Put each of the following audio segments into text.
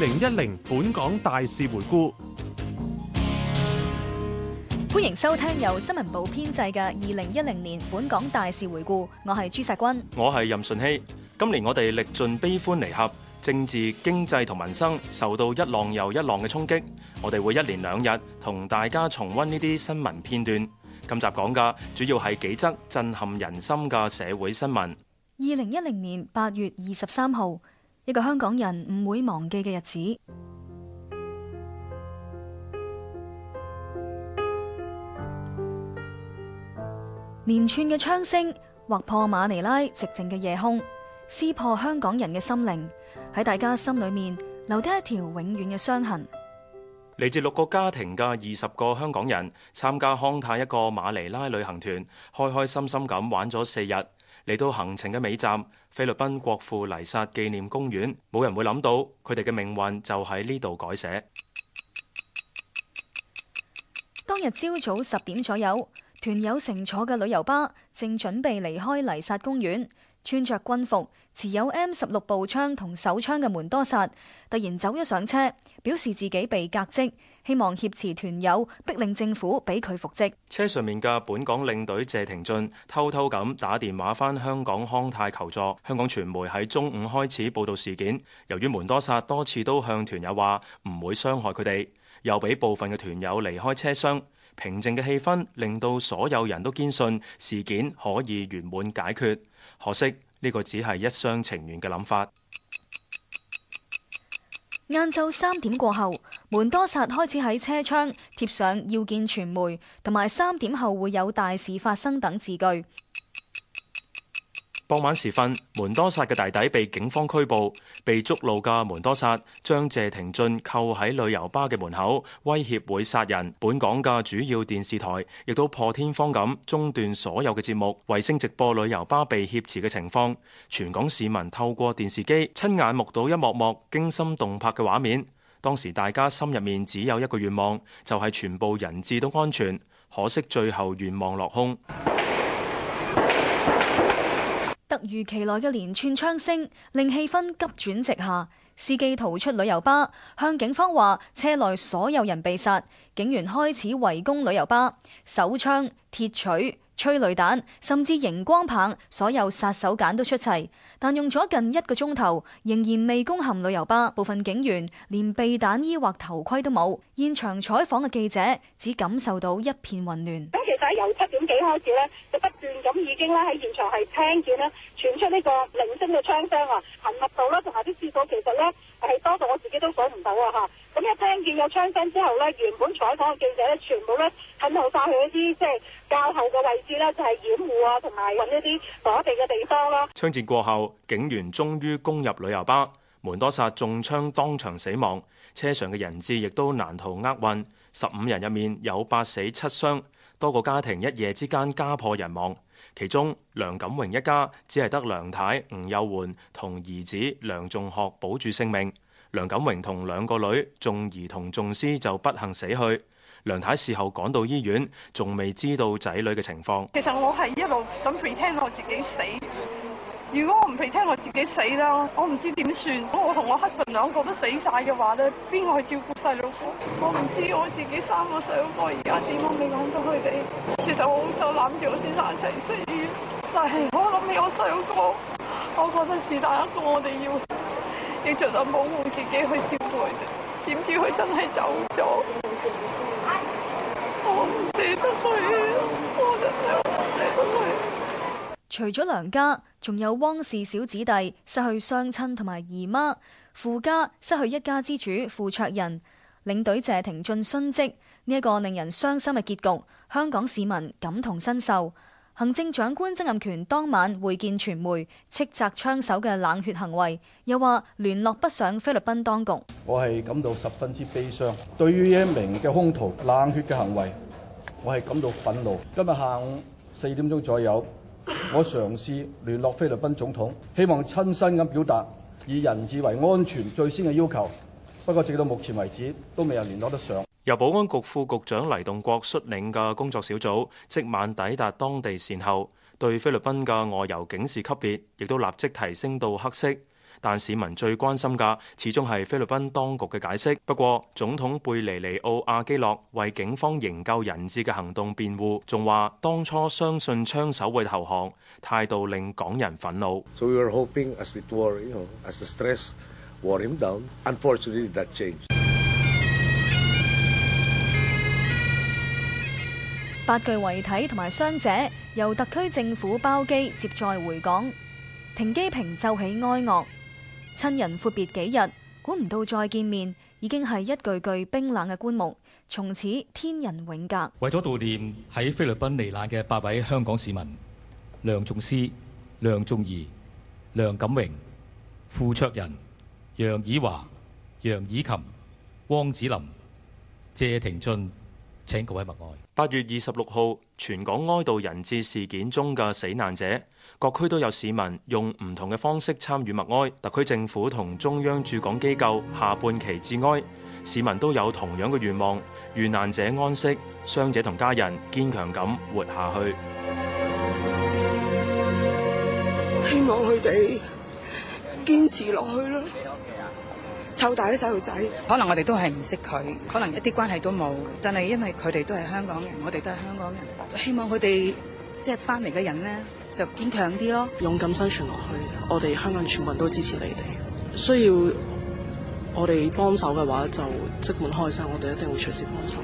二零一零本港大事回顧，歡迎收聽由新聞部編製嘅二零一零年本港大事回顧。我係朱石君，我係任順熙。今年我哋歷盡悲歡離合，政治、經濟同民生受到一浪又一浪嘅衝擊。我哋會一連兩日同大家重溫呢啲新聞片段。今集講嘅主要係幾則震撼人心嘅社會新聞。二零一零年八月二十三號。一個香港人唔會忘記嘅日子，連串嘅槍聲劃破馬尼拉寂靜嘅夜空，撕破香港人嘅心靈，喺大家心裏面留低一條永遠嘅傷痕。嚟自六個家庭嘅二十個香港人，參加康泰一個馬尼拉旅行團，開開心心咁玩咗四日，嚟到行程嘅尾站，菲律賓國父黎薩紀念公園，冇人會諗到佢哋嘅命運就喺呢度改寫。當日朝早十點左右，團友乘坐嘅旅遊巴正準備離開黎薩公園，穿着軍服、持有 M 十六步槍同手槍嘅門多薩突然走咗上車，表示自己被革職。希望挾持團友，逼令政府俾佢復職。車上面嘅本港領隊謝廷駿偷偷咁打電話返香港康泰求助。香港傳媒喺中午開始報道事件，由於門多薩多次都向團友話唔會傷害佢哋，又俾部分嘅團友離開車廂，平靜嘅氣氛令到所有人都堅信事件可以圓滿解決。可惜呢個只係一廂情願嘅諗法。晏晝三點過後。門多薩開始喺車窗貼上要見傳媒同埋三點後會有大事發生等字句。傍晚時分，門多薩嘅弟弟被警方拘捕，被捉路嘅門多薩將謝廷駿扣喺旅遊巴嘅門口，威脅會殺人。本港嘅主要電視台亦都破天荒咁中斷所有嘅節目，衛星直播旅遊巴被挾持嘅情況。全港市民透過電視機親眼目睹一幕幕驚心動魄嘅畫面。當時大家心入面只有一個願望，就係、是、全部人質都安全。可惜最後願望落空。突如其來嘅連串槍聲令氣氛急轉直下，司機逃出旅遊巴，向警方話車內所有人被殺。警員開始圍攻旅遊巴，手槍、鐵錘。催淚彈甚至熒光棒，所有殺手鐧都出齊，但用咗近一個鐘頭，仍然未攻陷旅遊巴。部分警員連避彈衣或頭盔都冇，現場採訪嘅記者只感受到一片混亂。咁其實由七點幾開始呢，就不斷咁已經咧喺現場係聽見呢傳出呢個零星嘅槍聲啊，頻密度啦同埋啲次數，其實呢，係多到我自己都數唔到啊吓。咁一聽見有槍聲之後咧，原本採訪嘅記者咧，全部咧迅速散去一啲即係較後嘅位置咧，就係掩護啊，同埋揾一啲躲避嘅地方咯。槍戰過後，警員終於攻入旅遊巴，門多薩中槍當場死亡，車上嘅人質亦都難逃厄運。十五人入面有八死七傷，多個家庭一夜之間家破人亡。其中梁錦榮一家只係得梁太吳幼媛同兒子梁仲學保住性命。梁錦榮同兩個女兒，仲儀同仲思就不幸死去。梁太事後趕到醫院，仲未知道仔女嘅情況。其實我係一路想 pretend 我自己死。如果我唔 pretend 我自己死啦，我唔知點算。如果我同我 husband 兩個都死晒嘅話咧，邊個去照顧細佬哥？我唔知我自己三個細佬哥而家點，我未諗到佢哋。其實我好想攬住我先生一齊死，但係我諗起我細佬哥，我覺得是但一個我哋要。繼續阿母自己去接待，點知佢真係走咗，我唔捨得佢啊！我真係，除咗梁家，仲有汪氏小子弟失去雙親，同埋姨媽傅家失去一家之主傅卓仁，領隊謝廷駿殉職。呢一個令人傷心嘅結局，香港市民感同身受。行政長官曾蔭權當晚會見傳媒，斥責槍手嘅冷血行為，又話聯絡不上菲律賓當局。我係感到十分之悲傷，對於一名嘅兇徒冷血嘅行為，我係感到憤怒。今日下午四點鐘左右，我嘗試聯絡菲律賓總統，希望親身咁表達以人質為安全最先嘅要求。不過直到目前為止，都未有聯絡得上。由保安局副局長黎棟國率領嘅工作小組，即晚抵達當地善後，對菲律賓嘅外遊警示級別亦都立即提升到黑色。但市民最關心嘅，始終係菲律賓當局嘅解釋。不過，總統貝尼尼奧阿基諾為警方營救人質嘅行動辯護，仲話當初相信槍手會投降，態度令港人憤怒。八具遺體同埋傷者由特區政府包機接載回港，停機坪奏起哀樂，親人闊別幾日，估唔到再見面已經係一具具冰冷嘅棺木，從此天人永隔。為咗悼念喺菲律賓罹難嘅八位香港市民，梁頌詩、梁頌儀、梁錦榮、傅卓仁、楊以華、楊以琴、汪子林、謝廷駿，請各位默哀。八月二十六號，全港哀悼人質事件中嘅死難者，各區都有市民用唔同嘅方式參與默哀。特區政府同中央駐港機構下半旗致哀，市民都有同樣嘅願望，遇難者安息，傷者同家人堅強咁活下去，希望佢哋堅持落去啦。湊大啲細路仔，可能我哋都係唔識佢，可能一啲關係都冇，但係因為佢哋都係香港人，我哋都係香港人，就希望佢哋即係翻嚟嘅人咧，就堅強啲咯，勇敢生存落去。我哋香港全民都支持你哋。需要我哋幫手嘅話，就即管開心。我哋一定會隨時幫手。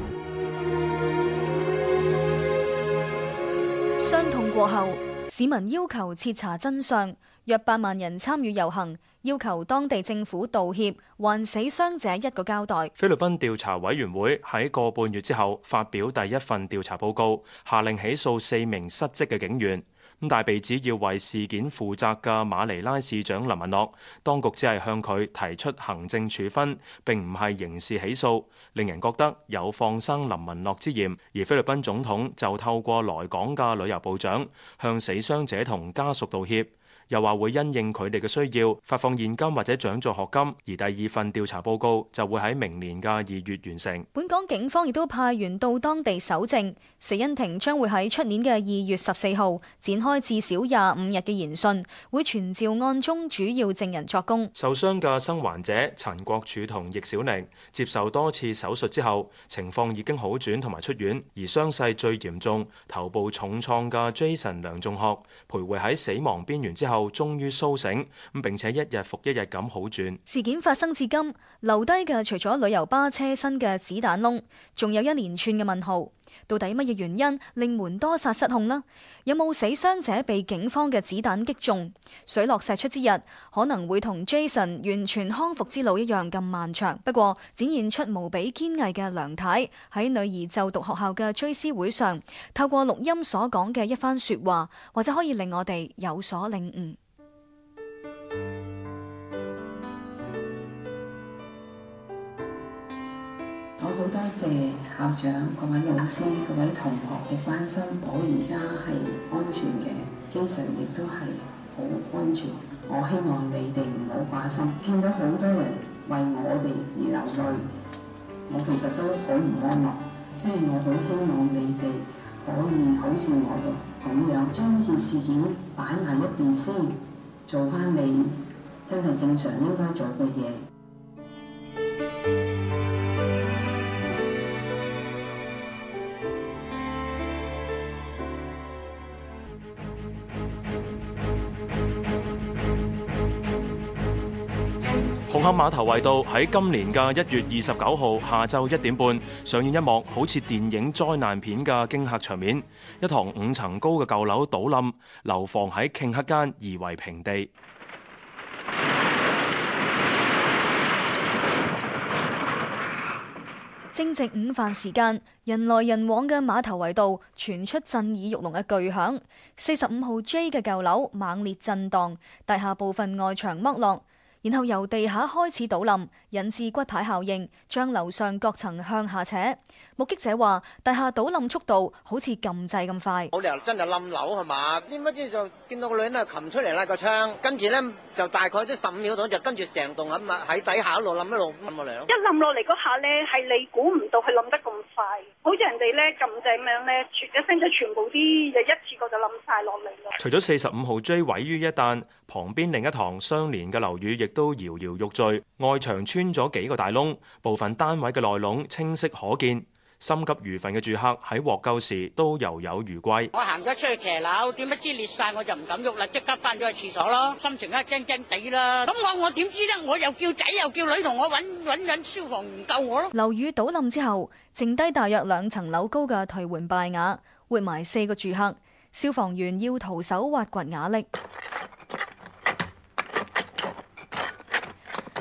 傷痛過後，市民要求徹查真相，約八萬人參與遊行。要求當地政府道歉，還死傷者一個交代。菲律賓調查委員會喺個半月之後發表第一份調查報告，下令起訴四名失職嘅警員。咁但係被指要為事件負責嘅馬尼拉市長林文樂，當局只係向佢提出行政處分，並唔係刑事起訴，令人覺得有放生林文樂之嫌。而菲律賓總統就透過來港嘅旅遊部長向死傷者同家屬道歉。又話會因應佢哋嘅需要發放現金或者獎助學金，而第二份調查報告就會喺明年嘅二月完成。本港警方亦都派員到當地搜證，死因庭將會喺出年嘅二月十四號展開至少廿五日嘅研訊，會傳召案中主要證人作供。受傷嘅生還者陳國柱同易小玲接受多次手術之後，情況已經好轉同埋出院，而傷勢最嚴重、頭部重創嘅 Jason 梁仲學，徘徊喺死亡邊緣之後，終於蘇醒咁，並且一日復一日咁好轉。事件發生至今，留低嘅除咗旅遊巴車身嘅子彈窿，仲有一連串嘅問號。到底乜嘢原因令門多薩失控呢？有冇死傷者被警方嘅子彈擊中？水落石出之日，可能會同 Jason 完全康復之路一樣咁漫長。不過，展現出無比堅毅嘅梁太喺女兒就讀學校嘅追思會上，透過錄音所講嘅一番說話，或者可以令我哋有所領悟。我好多謝校長，各位老師、各位同學嘅關心，我而家係安全嘅，精神亦都係好安全。我希望你哋唔好掛心，見到好多人為我哋而流淚，我其實都好唔安樂。即係我好希望你哋可以好似我哋咁樣，將呢件事件擺埋一邊先，做翻你真係正常應該做嘅嘢。馬頭圍道喺今年嘅一月二十九號下晝一點半上演一幕好似電影災難片嘅驚嚇場面，一幢五層高嘅舊樓倒冧，樓房喺頃刻間夷為平地。正值午飯時間，人來人往嘅馬頭圍道傳出震耳欲聾嘅巨響，四十五號 J 嘅舊樓猛烈震盪，大廈部分外牆剝落。然後由地下開始倒冧，引致骨牌效應，將樓上各層向下扯。目擊者話：大廈倒冧速度好似撳掣咁快，冇理由真係冧樓係嘛？點不知就見到個女人啊擒出嚟啦，個窗，跟住咧就大概即十五秒度就跟住成棟冧埋喺底下，一路冧一路冧落嚟咯。一冧落嚟嗰下咧，係你估唔到佢冧得咁快，好似人哋咧撳掣咁樣咧，一聲聲全部啲嘢一次過就冧晒落嚟咯。除咗四十五號 J 毀於一旦，旁邊另一堂相連嘅樓宇亦都搖搖欲墜，外牆穿咗幾個大窿，部分單位嘅內籠，清晰可見。心急如焚嘅住客喺獲救時都猶有餘悸。我行咗出去騎樓，點不知裂晒，我就唔敢喐啦，即刻翻咗去廁所咯，心情一驚驚地啦。咁我我點知呢？我又叫仔又叫女同我搵搵緊消防員救我咯。樓宇倒冧之後，剩低大約兩層樓高嘅頹垣敗瓦，活埋四個住客。消防員要徒手挖掘瓦礫，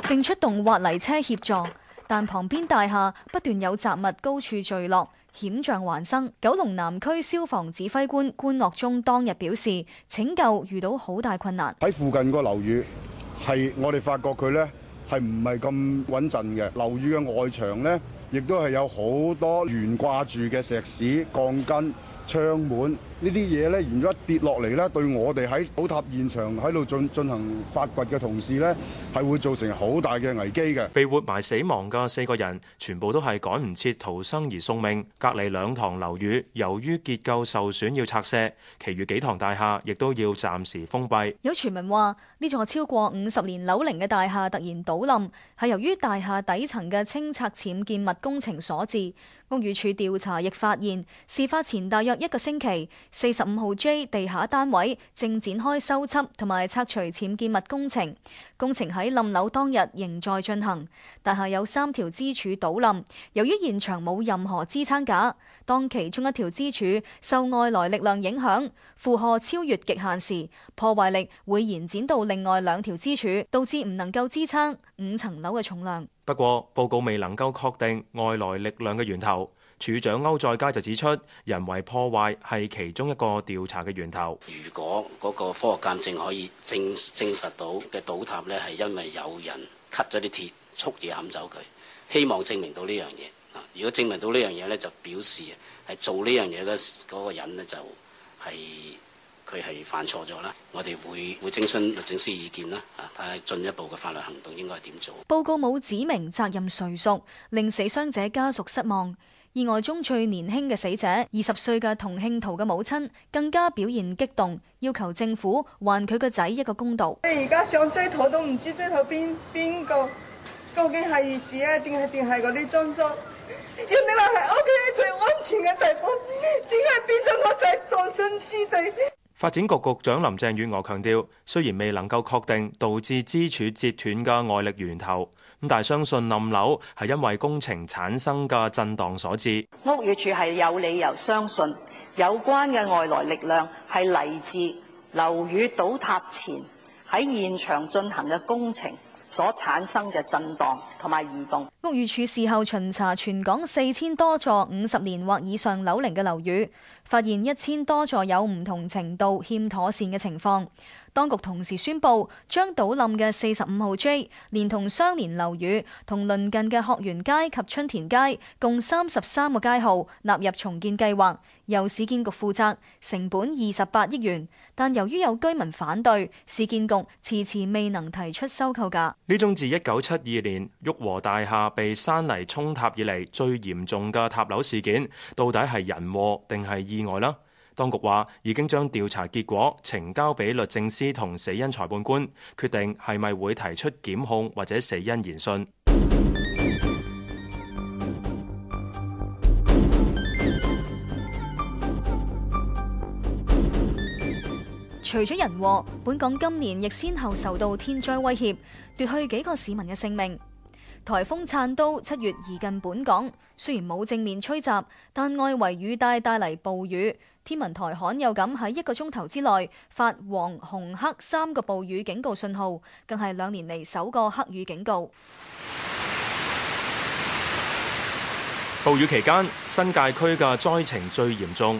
並出動挖泥車協助。但旁邊大廈不斷有雜物高處墜落，險象環生。九龍南區消防指揮官官樂忠當日表示，拯救遇到好大困難。喺附近個樓宇，係我哋發覺佢呢係唔係咁穩陣嘅，樓宇嘅外牆呢亦都係有好多懸掛住嘅石屎、鋼筋、窗門。呢啲嘢呢，如果一跌落嚟呢，對我哋喺倒塌現場喺度進進行發掘嘅同事呢，係會造成好大嘅危機嘅。被活埋死亡嘅四個人，全部都係趕唔切逃生而送命。隔離兩堂樓宇，由於結構受損要拆卸，其餘幾堂大廈亦都要暫時封閉。有傳聞話呢座超過五十年樓齡嘅大廈突然倒冧，係由於大廈底層嘅清拆僭建物工程所致。屋宇署調查亦發現，事發前大約一個星期，四十五號 J 地下單位正展開修葺同埋拆除僭建物工程，工程喺冧樓當日仍在進行，但係有三條支柱倒冧。由於現場冇任何支撐架，當其中一條支柱受外來力量影響，負荷超越極限時，破壞力會延展到另外兩條支柱，導致唔能夠支撐五層樓嘅重量。不過報告未能夠確定外來力量嘅源頭。署長歐再佳就指出，人為破壞係其中一個調查嘅源頭。如果嗰個科學鑑證可以證證實到嘅倒塌呢，係因為有人吸咗啲鐵，蓄意冚走佢。希望證明到呢樣嘢啊。如果證明到呢樣嘢呢，就表示係做呢樣嘢嘅嗰個人呢、就是，就係佢係犯錯咗啦。我哋會會徵詢律政司意見啦，啊，睇下進一步嘅法律行動應該係點做。報告冇指明責任誰屬，令死傷者家屬失望。意外中最年輕嘅死者，二十歲嘅同慶桃嘅母親，更加表現激動，要求政府還佢個仔一個公道。你而家想追討都唔知追討邊邊個，究竟係業主啊，定係定係嗰啲裝修？原本喺屋企最安全嘅地方，點解變咗我仔葬身之地？發展局局長林鄭月娥強調，雖然未能夠確定導致支柱折斷嘅外力源頭。咁但相信冧樓係因為工程產生嘅震盪所致。屋宇署係有理由相信有關嘅外來力量係嚟自樓宇倒塌前喺現場進行嘅工程。所產生嘅震盪同埋移動。屋宇署事後巡查全港四千多座五十年或以上樓齡嘅樓宇，發現一千多座有唔同程度欠妥善嘅情況。當局同時宣布，將倒冧嘅四十五號 J 連同相連樓宇同鄰近嘅學園街及春田街共三十三個街號納入重建計劃，由市建局負責，成本二十八億元。但由於有居民反對，市建局遲遲未能提出收購價。呢宗自一九七二年玉和大廈被山泥沖塌以嚟最嚴重嘅塌樓事件，到底係人禍定係意外呢？當局話已經將調查結果呈交俾律政司同死因裁判官，決定係咪會提出檢控或者死因研訊。除咗人禍，本港今年亦先後受到天災威脅，奪去幾個市民嘅性命。台風燦都七月移近本港，雖然冇正面吹襲，但外圍雨帶帶嚟暴雨。天文台罕有咁喺一個鐘頭之內發黃、紅、黑三個暴雨警告信號，更係兩年嚟首個黑雨警告。暴雨期間，新界區嘅災情最嚴重。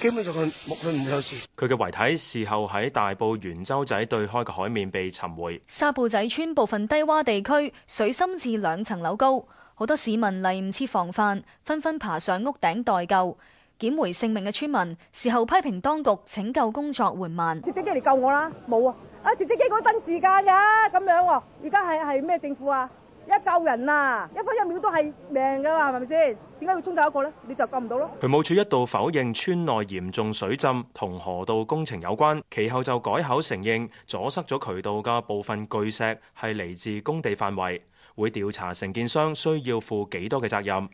基本上佢佢唔會有事。佢嘅遺體事後喺大埔圓洲仔對開嘅海面被尋回。沙埔仔村部分低洼地區水深至兩層樓高，好多市民嚟唔切防範，紛紛爬上屋頂待救，撿回性命嘅村民事後批評當局拯救工作緩慢。直升機嚟救我啦！冇啊！啊直升機嗰陣時間噶咁樣，而家係係咩政府啊？一救人啊，一分一秒都係命噶，係咪先？點解要沖走一個呢？你就救唔到咯。渠務署一度否認村內嚴重水浸同河道工程有關，其後就改口承認阻塞咗渠道嘅部分巨石係嚟自工地範圍，會調查承建商需要負幾多嘅責任。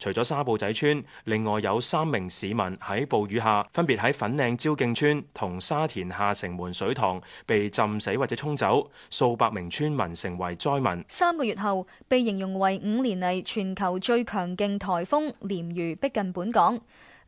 除咗沙埔仔村，另外有三名市民喺暴雨下，分別喺粉嶺蕉徑村同沙田下城門水塘被浸死或者沖走，數百名村民成為災民。三個月後被形容為五年嚟全球最強勁颱風鯰魚逼近本港，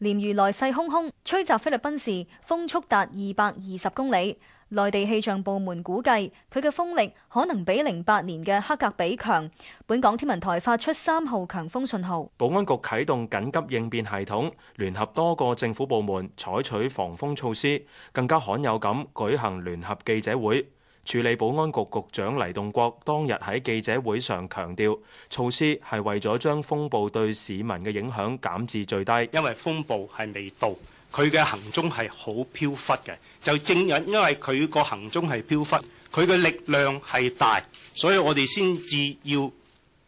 鯰魚來勢洶洶吹襲菲律賓時風速達二百二十公里。內地氣象部門估計，佢嘅風力可能比零八年嘅黑格比強。本港天文台發出三號強風信號，保安局啟動緊急應變系統，聯合多個政府部門採取防風措施，更加罕有咁舉行聯合記者會。處理保安局局長黎棟國當日喺記者會上強調，措施係為咗將風暴對市民嘅影響減至最低。因為風暴係未到。佢嘅行蹤係好飄忽嘅，就正因因為佢個行蹤係飄忽，佢嘅力量係大，所以我哋先至要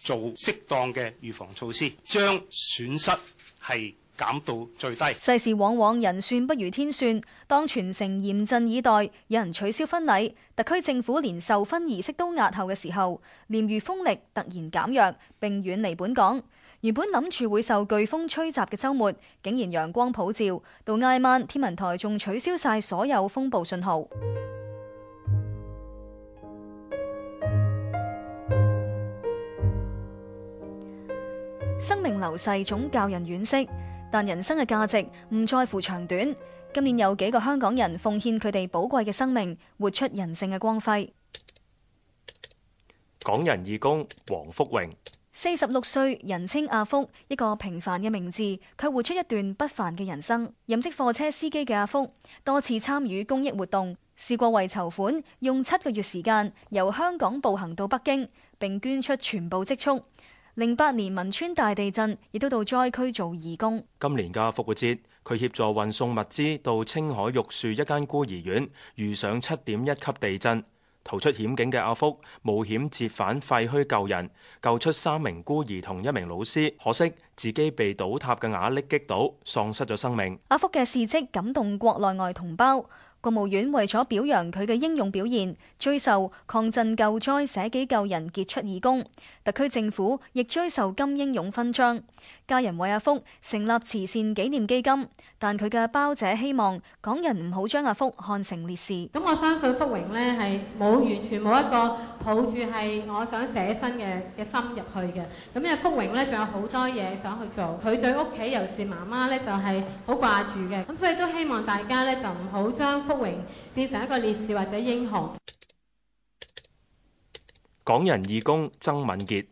做適當嘅預防措施，將損失係減到最低。世事往往人算不如天算，當全城嚴陣以待，有人取消婚禮，特區政府連授婚儀式都押後嘅時候，鮎魚風力突然減弱並遠離本港。原本諗住會受颶風吹襲嘅周末，竟然陽光普照。到挨晚，天文台仲取消晒所有風暴信號。 生命流逝總教人惋惜，但人生嘅價值唔在乎長短。今年有幾個香港人奉獻佢哋寶貴嘅生命，活出人性嘅光輝。港人義工黃福榮。四十六歲，人稱阿福，一個平凡嘅名字，卻活出一段不凡嘅人生。任職貨車司機嘅阿福，多次參與公益活動，試過為籌款，用七個月時間由香港步行到北京，並捐出全部積蓄。零八年汶川大地震，亦都到災區做義工。今年嘅復活節，佢協助運送物資到青海玉樹一間孤兒院，遇上七點一級地震。逃出險境嘅阿福冒險折返廢墟救人，救出三名孤兒同一名老師，可惜自己被倒塌嘅瓦礫擊倒，喪失咗生命。阿福嘅事蹟感動國內外同胞，國務院為咗表揚佢嘅英勇表現，追授抗震救災捨己救人傑出義工。特區政府亦追授金英勇勳章，家人為阿福成立慈善紀念基金，但佢嘅胞姐希望港人唔好將阿福看成烈士。咁我相信福榮呢係冇完全冇一個抱住係我想寫新嘅嘅心入去嘅，咁因為福榮呢仲有好多嘢想去做，佢對屋企尤其是媽媽呢就係好掛住嘅，咁所以都希望大家呢就唔好將福榮變成一個烈士或者英雄。港人義工曾敏傑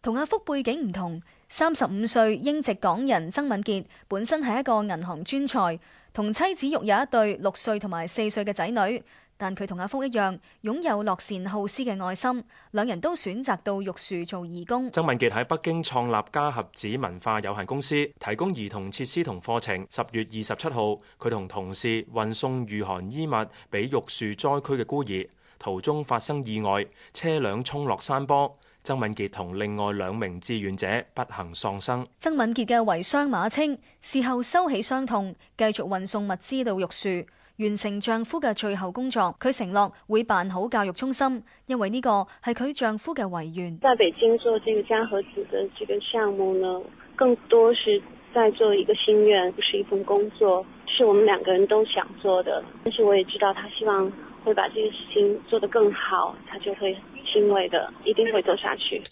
同阿福背景唔同，三十五歲英籍港人曾敏傑本身係一個銀行專才，同妻子育有一對六歲同埋四歲嘅仔女，但佢同阿福一樣擁有樂善好施嘅愛心，兩人都選擇到玉樹做義工。曾敏傑喺北京創立家盒子文化有限公司，提供兒童設施同課程。十月二十七號，佢同同事運送御寒衣物俾玉樹災區嘅孤兒。途中發生意外，車輛衝落山坡，曾敏傑同另外兩名志願者不幸喪生。曾敏傑嘅遺孀馬青事後收起傷痛，繼續運送物資到玉樹，完成丈夫嘅最後工作。佢承諾會辦好教育中心，因為呢個係佢丈夫嘅遺願。在北京做這個家和子的這個項目呢，更多是在做一個心願，不是一份工作，是我們兩個人都想做的。但是我也知道，他希望。會把呢件事情做得更好，他就會欣慰的，一定會走下去。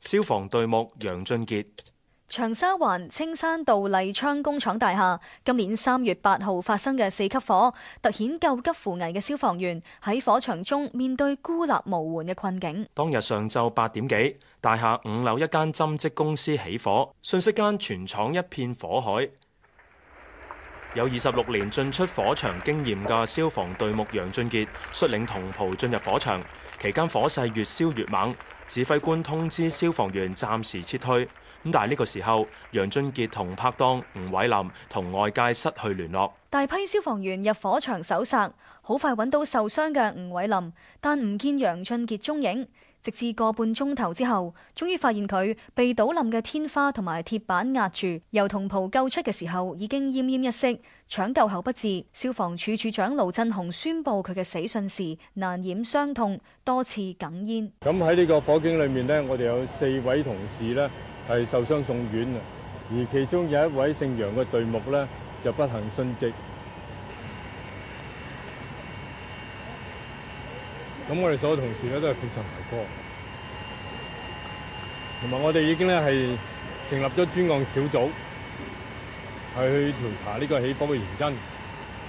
消防隊目楊俊傑，長沙灣青山道麗昌工廠大廈，今年三月八號發生嘅四級火，凸顯救急扶危嘅消防員喺火場中面對孤立無援嘅困境。當日上晝八點幾，大廈五樓一間針織公司起火，瞬息間全廠一片火海。有二十六年進出火場經驗嘅消防隊目楊俊傑率領同袍進入火場，期間火勢越燒越猛，指揮官通知消防員暫時撤退。咁但係呢個時候，楊俊傑同拍檔吳偉林同外界失去聯絡。大批消防員入火場搜索，好快揾到受傷嘅吳偉林，但唔見楊俊傑蹤影。直至個半鐘頭之後，終於發現佢被倒冧嘅天花同埋鐵板壓住，由同袍救出嘅時候已經奄奄一息，搶救後不治。消防處處長盧振雄宣佈佢嘅死訊時，難掩傷痛，多次哽咽。咁喺呢個火警裏面呢，我哋有四位同事呢係受傷送院啦，而其中有一位姓楊嘅隊目呢就不幸殉職。咁我哋所有同事咧都係非常難過，同埋我哋已經咧係成立咗專案小組，係去調查呢個起火嘅原因，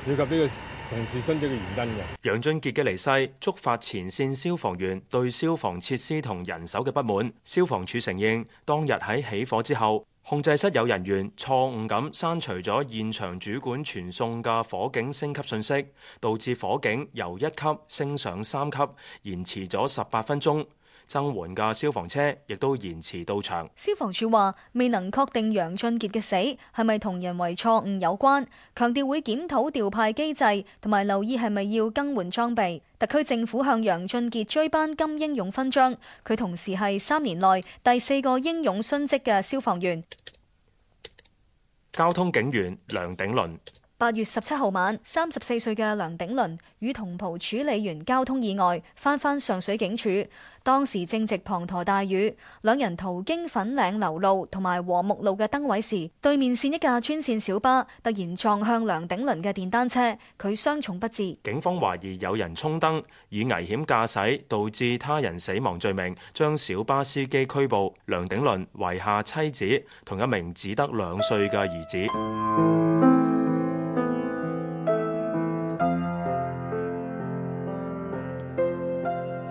以及呢個同事殉職嘅原因嘅。楊俊傑嘅離世觸發前線消防員對消防設施同人手嘅不滿，消防處承認當日喺起火之後，控制室有人員錯誤咁刪除咗現場主管傳送嘅火警升級信息，導致火警由一級升上三級，延遲咗十八分鐘。增援嘅消防車亦都延遲到場。消防處話未能確定楊俊杰嘅死係咪同人為錯誤有關，強調會檢討調派機制，同埋留意係咪要更換裝備。特區政府向楊俊杰追頒金英勇勳章，佢同時係三年內第四個英勇殉職嘅消防員。交通警員梁鼎倫，八月十七號晚，三十四歲嘅梁鼎倫與同袍處理完交通意外，翻返上水警署。當時正值滂沱大雨，兩人途經粉嶺流路同埋和睦路嘅燈位時，對面線一架專線小巴突然撞向梁頂倫嘅電單車，佢傷重不治。警方懷疑有人衝燈，以危險駕駛導致他人死亡罪名，將小巴司機拘捕。梁頂倫遺下妻子同一名只得兩歲嘅兒子。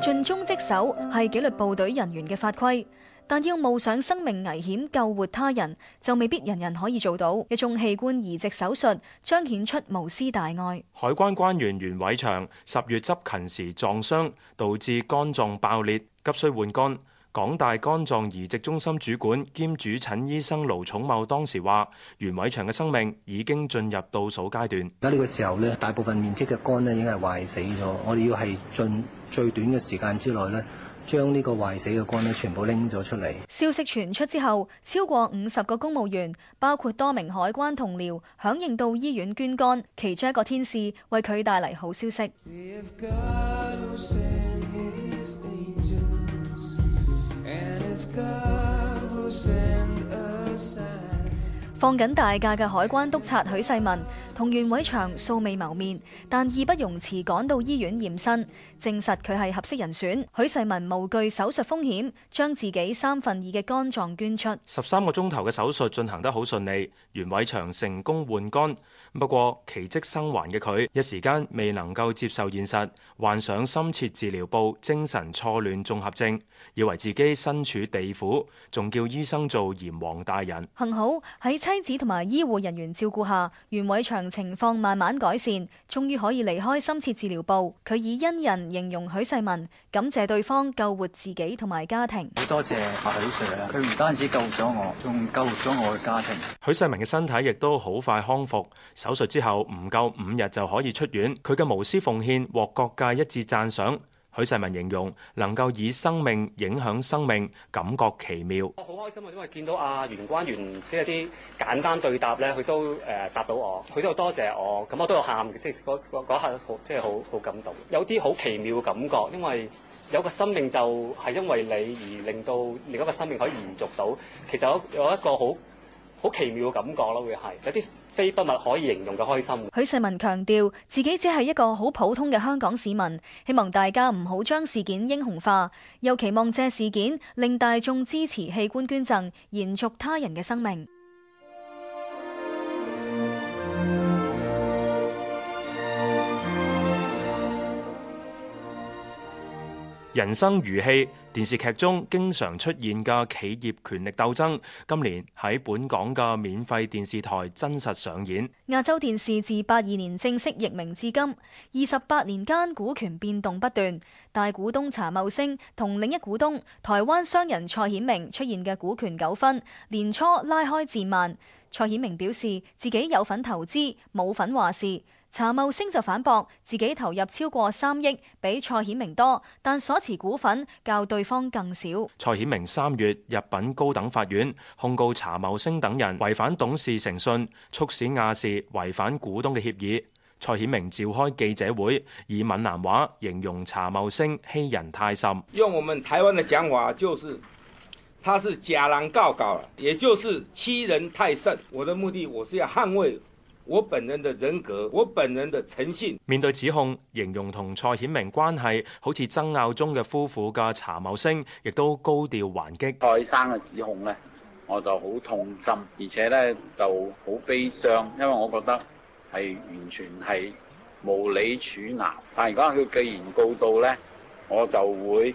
盡忠職守係紀律部隊人員嘅法規，但要冒上生命危險救活他人，就未必人人可以做到。一種器官移植手術彰顯出無私大愛。海關關員袁偉祥十月執勤時撞傷，導致肝臟爆裂，急需換肝。港大肝臟移植中心主管兼主診醫生盧寵茂當時話：袁偉祥嘅生命已經進入倒數階段。喺呢個時候咧，大部分面積嘅肝咧已經係壞死咗，我哋要系盡最短嘅時間之內咧，將呢個壞死嘅肝全部拎咗出嚟。消息傳出之後，超過五十個公務員，包括多名海關同僚，響應到醫院捐肝。其中一個天使為佢帶嚟好消息。 放緊大假嘅海關督察許世文同袁偉祥素未謀面，但義不容辭趕到醫院驗身，證實佢係合適人選。許世文無懼手術風險，將自己三分二嘅肝臟捐出。十三個鐘頭嘅手術進行得好順利，袁偉祥成功換肝。不過奇跡生還嘅佢一時間未能夠接受現實。患上深切治療部精神錯亂綜合症，以為自己身處地府，仲叫醫生做閻王大人。幸好喺妻子同埋醫護人員照顧下，袁偉祥情況慢慢改善，終於可以離開深切治療部。佢以恩人形容許世民，感謝對方救活自己同埋家庭。好多謝阿許 Sir 啊！佢唔單止救咗我，仲救活咗我嘅家庭。許世民嘅身體亦都好快康復，手術之後唔夠五日就可以出院。佢嘅無私奉獻獲各界係一致讚賞。許世民形容能夠以生命影響生命，感覺奇妙。我好開心啊，因為見到阿袁關元，即係啲簡單對答咧，佢都誒答到我，佢都有多謝我，咁我都有喊嘅，即係嗰嗰下好，即係好好感動，有啲好奇妙感覺，因為有個生命就係因為你而令到另一個生命可以延續到，其實有有一個好。好奇妙嘅感覺咯，會係有啲非筆墨可以形容嘅開心。許世民強調自己只係一個好普通嘅香港市民，希望大家唔好將事件英雄化，又期望借事件令大眾支持器官捐贈，延續他人嘅生命。人生如戲。電視劇中經常出現嘅企業權力鬥爭，今年喺本港嘅免費電視台真實上演。亞洲電視自八二年正式易名至今，二十八年間股權變動不斷，大股東查懋聲同另一股東台灣商人蔡顯明出現嘅股權糾紛，年初拉開戰幔。蔡顯明表示自己有份投資，冇份話事。查懋星就反駁自己投入超過三億，比蔡衍明多，但所持股份較對方更少。蔡衍明三月入禀高等法院控告查懋星等人違反董事誠信，促使亞視違反股東嘅協議。蔡衍明召開記者會，以閩南話形容查懋星欺人太甚。用我們台灣的講法，就是他是假仁假義，也就是欺人太甚。我的目的，我是要捍衛。我本人的人格，我本人的誠信。面對指控，形容同蔡衍明關係好似爭拗中嘅夫婦嘅查懋聲，亦都高調還擊，蔡生嘅指控呢，我就好痛心，而且呢就好悲傷，因為我覺得係完全係無理處拿。但而家佢既然告到呢，我就會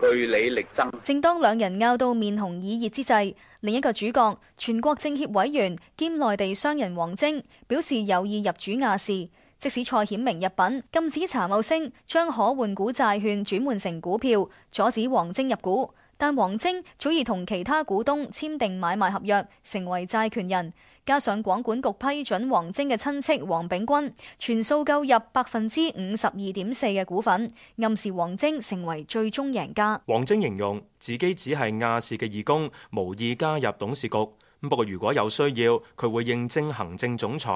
據理力爭。正當兩人拗到面紅耳熱之際。另一個主角，全國政協委員兼內地商人王晶表示有意入主亞視，即使蔡衍明入禀禁止查懋星將可換股債券轉換成股票，阻止王晶入股，但王晶早已同其他股東簽訂買賣合約，成為債權人。加上廣管局批准王征嘅親戚黃炳君全數購入百分之五十二點四嘅股份，暗示王征成為最終贏家。王征形容自己只係亞視嘅義工，無意加入董事局。咁不過，如果有需要，佢會應徵行政總裁。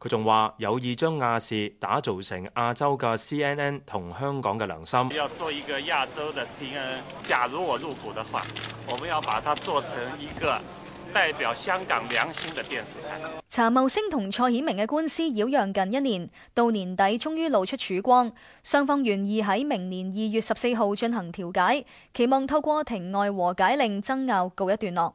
佢仲話有意將亞視打造成亞洲嘅 C N N 同香港嘅良心。要做一個亞洲嘅 C N N，假如我入股的話，我們要把它做成一個。代表香港良心嘅電視台，查懋聲同蔡衍明嘅官司擾攘近一年，到年底終於露出曙光，雙方願意喺明年二月十四號進行調解，期望透過庭外和解令爭拗告，告一段落。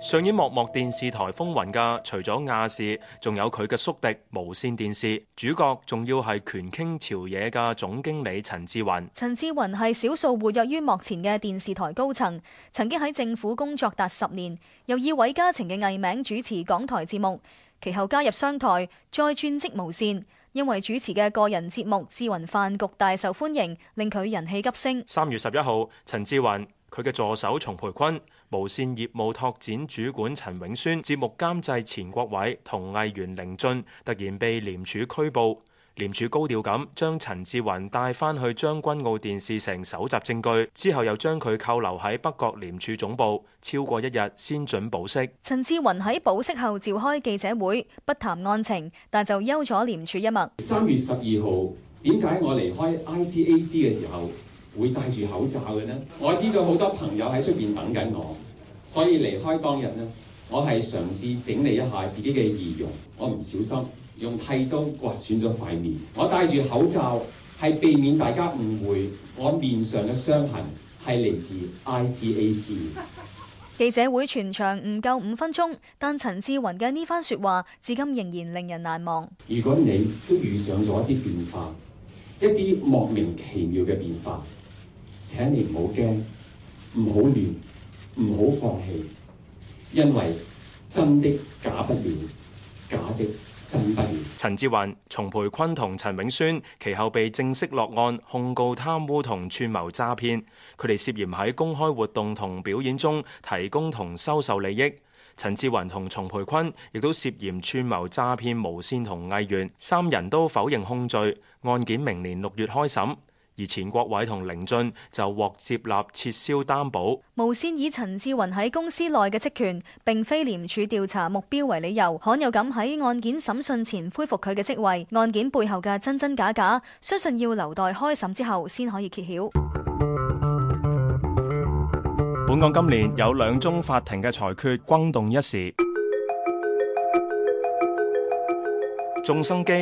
上演幕幕電視台風雲嘅，除咗亞視，仲有佢嘅宿敵無綫電視。主角仲要係權傾朝野嘅總經理陳志雲。陳志雲係少數活躍於幕前嘅電視台高層，曾經喺政府工作達十年，又以韋家晴嘅藝名主持港台節目。其後加入商台，再轉職無綫，因為主持嘅個人節目《志雲飯局》大受歡迎，令佢人氣急升。三月十一號，陳志雲佢嘅助手從培坤。無線業務拓展主管陳永宣、節目監製錢國偉、同藝員凌俊突然被廉署拘捕，廉署高調咁將陳志雲帶返去將軍澳電視城搜集證據，之後又將佢扣留喺北角廉署總部超過一日，先准保釋。陳志雲喺保釋後召開記者會，不談案情，但就休咗廉署一脈。三月十二號，點解我離開 ICAC 嘅時候，會戴住口罩嘅呢？我知道好多朋友喺出邊等緊我，所以離開當日呢，我係嘗試整理一下自己嘅儀容。我唔小心用剃刀刮損咗塊面。我戴住口罩係避免大家誤會我面上嘅傷痕係嚟自 ICAC。記者會全場唔夠五分鐘，但陳志雲嘅呢番説話至今仍然令人難忘。如果你都遇上咗一啲變化，一啲莫名其妙嘅變化。請你唔好驚，唔好亂，唔好放棄，因為真的假不了，假的真不了。陳志雲、叢培崑同陳永宣其後被正式落案控告貪污同串謀詐騙，佢哋涉嫌喺公開活動同表演中提供同收受利益。陳志雲同叢培崑亦都涉嫌串謀詐騙無線同藝員，三人都否認控罪，案件明年六月開審。而錢國偉同凌俊，就獲接納撤銷擔保。無綫以陳志雲喺公司內嘅職權，並非廉署調查目標為理由，罕有噉喺案件審訊前恢復佢嘅職位。案件背後嘅真真假假，相信要留待開審之後先可以揭曉。本港今年有兩宗法庭嘅裁決轟動一時。眾生機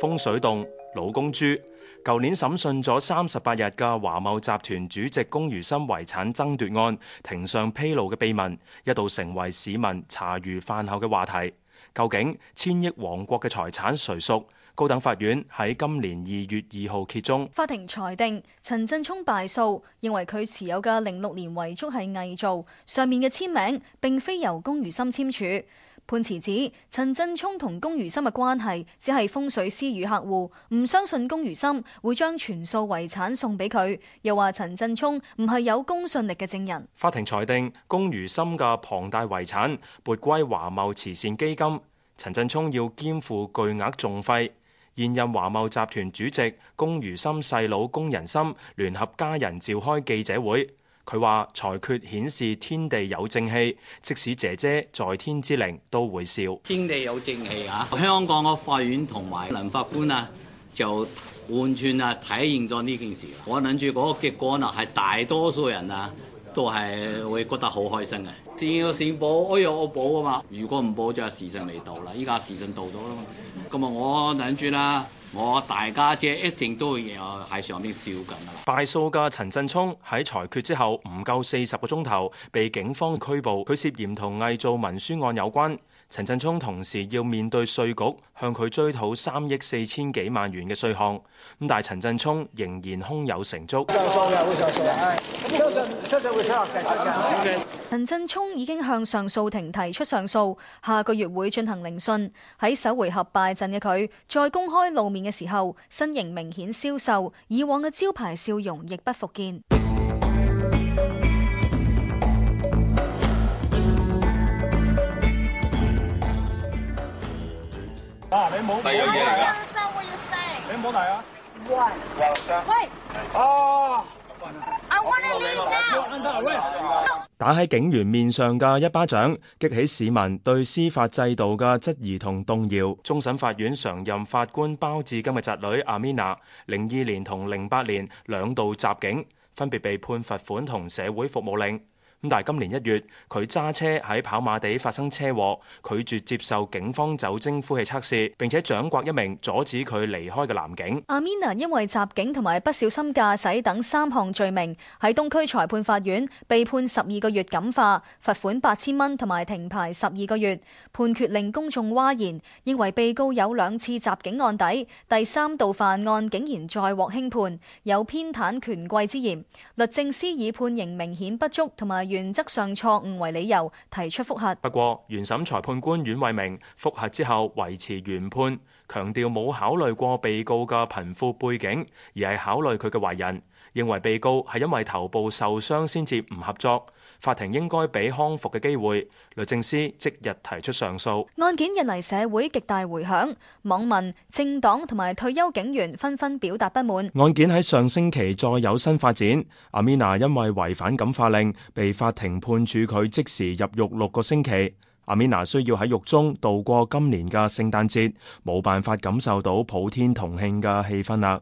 風水洞、老公豬。舊年審訊咗三十八日嘅華懋集團主席龔如心遺產爭奪案，庭上披露嘅秘密一度成為市民茶餘飯後嘅話題。究竟千億王國嘅財產誰屬？高等法院喺今年二月二號揭盅，法庭裁定陳振聰敗訴，認為佢持有嘅零六年遺囑係偽造，上面嘅簽名並非由龔如心簽署。判詞指陳振聰同龔如心嘅關係只係風水師與客戶，唔相信龔如心會將全數遺產送俾佢，又話陳振聰唔係有公信力嘅證人。法庭裁定龔如心嘅龐大遺產撥歸華懋慈善基金，陳振聰要肩負巨額訟費。現任華懋集團主席龔如心細佬龔仁心聯合家人召開記者會。佢話裁決顯示天地有正氣，即使姐姐在天之靈都會笑。天地有正氣啊！香港嘅法院同埋林法官啊，就完全啊體現咗呢件事。我諗住嗰個結果啊，係大多數人啊都係會覺得好開心嘅。善有善報，哎呀惡有惡報啊嘛！如果唔報就係時辰未到啦，依家時辰到咗啦嘛。咁啊，我諗住啦。我大家姐一定都會喺上面笑緊啦！敗訴嘅陳振聰喺裁決之後唔夠四十個鐘頭，被警方拘捕，佢涉嫌同偽造文書案有關。陳振聰同時要面對稅局向佢追討三億四千幾萬元嘅稅項，咁但係陳振聰仍然胸有成竹。上陳振聰已經向上訴庭提出上訴，下個月會進行聆訊。喺首回合敗陣嘅佢，再公開露面嘅時候，身形明顯消瘦，以往嘅招牌笑容亦不復見。你冇第二嘢。你冇第二啊？What？Wait！啊！I want to leave now！打喺警員面上嘅一巴掌，激起市民對司法制度嘅質疑同動搖。終審法院常任法官包致金嘅侄女阿米娜，零二年同零八年兩度襲警，分別被判罰款同社會服務令。但今年一月，佢揸車喺跑馬地發生車禍，拒絕接受警方酒精呼氣測試，並且掌摑一名阻止佢離開嘅男警。阿米娜因為襲警同埋不小心駕駛等三項罪名，喺東區裁判法院被判十二個月感化，罰款八千蚊同埋停牌十二個月。判決令公眾譁然，認為被告有兩次襲警案底，第三度犯案竟然再獲輕判，有偏袒權貴之嫌。律政司以判刑明，明顯不足同埋原則上錯誤為理由提出複核。不過，原審裁判官阮惠明複核之後維持原判，強調冇考慮過被告嘅貧富背景，而係考慮佢嘅懷孕，認為被告係因為頭部受傷先至唔合作。法庭應該俾康復嘅機會，律政司即日提出上訴。案件引嚟社會極大迴響，網民、政黨同埋退休警員紛紛表達不滿。案件喺上星期再有新發展，阿米娜因為違反感化令，被法庭判處佢即時入獄六個星期。阿米娜需要喺獄中度過今年嘅聖誕節，冇辦法感受到普天同慶嘅氣氛啦。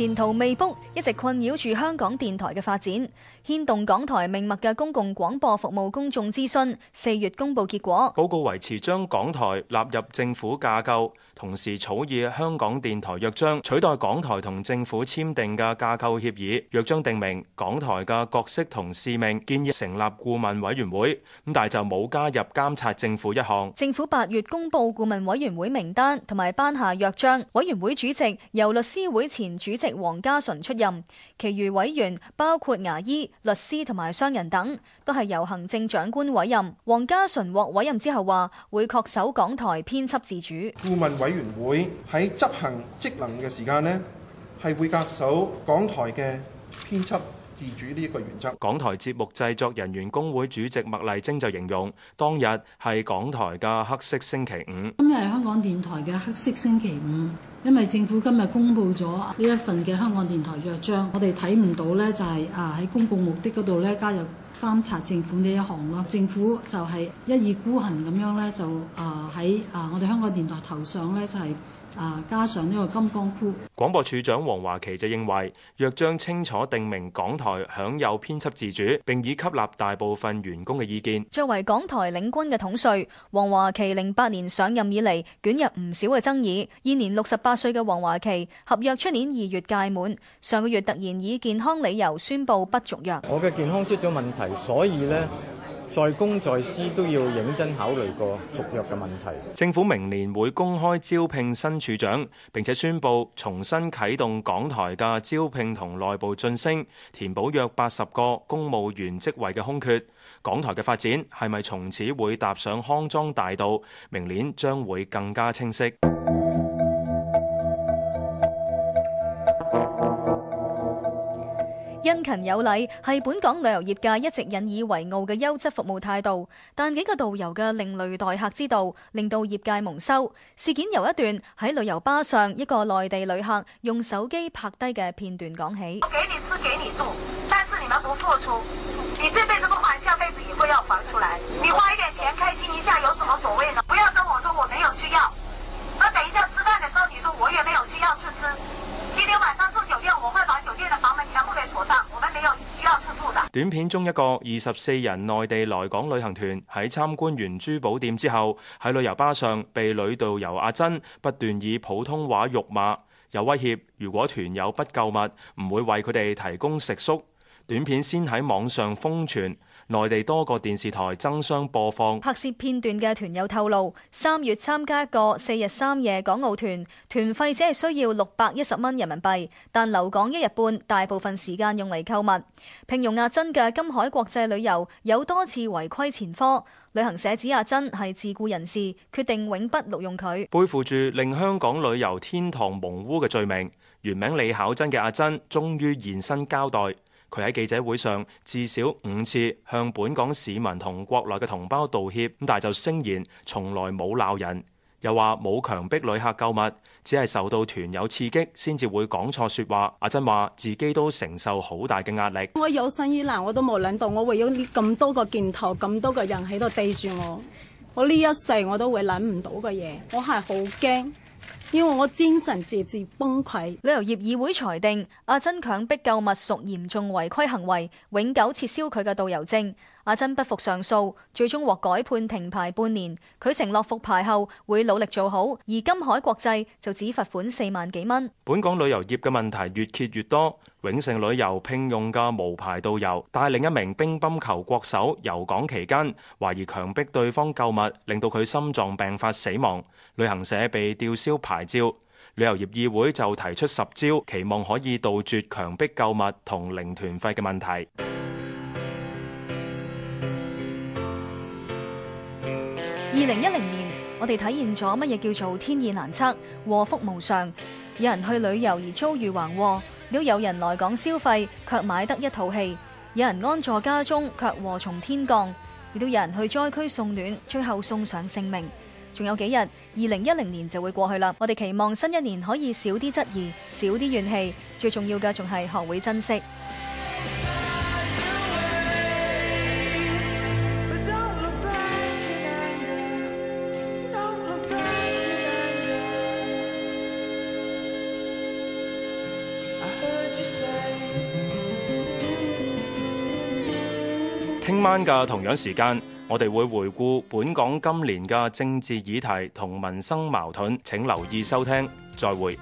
前途未卜一直困擾住香港電台嘅發展，牽動港台命脈嘅公共廣播服務公眾諮詢，四月公布結果，報告維持將港台納入政府架構。同時草擬香港電台約章，取代港台同政府簽訂嘅架構協議。約章定明港台嘅角色同使命，建議成立顧問委員會，咁但係就冇加入監察政府一項。政府八月公布顧問委員會名單，同埋頒下約章。委員會主席由律師會前主席王家純出任，其餘委員包括牙醫、律師同埋商人等，都係由行政長官委任。王家純獲委任之後話：會確守港台編輯自主。顧問委。委員會喺執行職能嘅時間呢，係會恪守港台嘅編輯自主呢一個原則。港台節目製作人員工會主席麥麗貞就形容，當日係港台嘅黑色星期五。今日係香港電台嘅黑色星期五，因為政府今日公布咗呢一份嘅香港電台約章，我哋睇唔到呢就係啊喺公共目的嗰度呢加入。監察政府呢一行咯，政府就係一意孤行咁樣咧，就啊喺啊我哋香港電台頭上咧就係、是。啊！加上呢個金剛箍，廣播處長黃華琪就認為若將清楚定明港台享有編輯自主，並已吸納大部分員工嘅意見，作為港台領軍嘅統帥，黃華琪零八年上任以嚟，捲入唔少嘅爭議，現年六十八歲嘅黃華琪合約出年二月屆滿，上個月突然以健康理由宣布不續約，我嘅健康出咗問題，所以咧，在公在私都要認真考慮過續約嘅問題，政府明年會公開招聘新。處長，並且宣布重新啟動港台嘅招聘同內部晉升，填補約八十個公務員職位嘅空缺。港台嘅發展係咪從此會踏上康莊大道？明年將會更加清晰。辛勤有禮係本港旅遊業界一直引以為傲嘅優質服務態度，但幾個導遊嘅另類待客之道令到業界蒙羞。事件由一段喺旅遊巴上一個內地旅客用手機拍低嘅片段講起。我給你吃給你住，但是你們不付出，你這輩子不還，下輩子也會要還出來。你花一點錢開心一下，有什麼所謂呢？不要跟我說我沒有需要。那等一下吃飯的時候，你說我也沒有需要去吃。今天晚上住酒店，我會把酒店。短片中一個二十四人內地來港旅行團喺參觀完珠寶店之後，喺旅遊巴上被女導遊阿珍不斷以普通話辱罵，有威脅，如果團友不購物，唔會為佢哋提供食宿。短片先喺網上瘋傳。內地多個電視台爭相播放拍攝片段嘅團友透露，三月參加一個四日三夜港澳團，團費只係需要六百一十蚊人民幣，但留港一日半，大部分時間用嚟購物。聘用阿珍嘅金海國際旅遊有多次違規前科，旅行社指阿珍係自雇人士，決定永不錄用佢。背負住令香港旅遊天堂蒙污嘅罪名，原名李巧珍嘅阿珍終於現身交代。佢喺記者會上至少五次向本港市民同國內嘅同胞道歉，咁但係就聲言從來冇鬧人，又話冇強迫旅客購物，只係受到團友刺激先至會講錯説話。阿珍話自己都承受好大嘅壓力，我有生以來，我都冇諗到我為咗呢咁多個鏡頭，咁多個人喺度對住我，我呢一世我都會諗唔到嘅嘢，我係好驚。要我精神直至崩潰。旅遊業議會裁定阿珍強迫購物屬嚴重違規行為，永久撤銷佢嘅導遊證。阿珍不服上訴，最終獲改判停牌半年。佢承諾復牌後會努力做好，而金海國際就只罰款四萬幾蚊。本港旅遊業嘅問題越揭越多。永盛旅遊聘用嘅無牌導遊帶另一名乒乓球國手遊港期間，懷疑強迫對方購物，令到佢心臟病發死亡。旅行社被吊銷牌照，旅遊業議會就提出十招，期望可以杜絕強迫購物同零團費嘅問題。二零一零年，我哋體驗咗乜嘢叫做天意難測、禍福無常，有人去旅遊而遭遇橫禍。亦有人來港消費，卻買得一套戲；有人安坐家中，卻禍從天降；亦都有人去災區送暖，最後送上性命。仲有幾日，二零一零年就會過去啦。我哋期望新一年可以少啲質疑，少啲怨氣，最重要嘅仲係學會珍惜。今晚嘅同樣時間，我哋會回顧本港今年嘅政治議題同民生矛盾。請留意收聽，再會。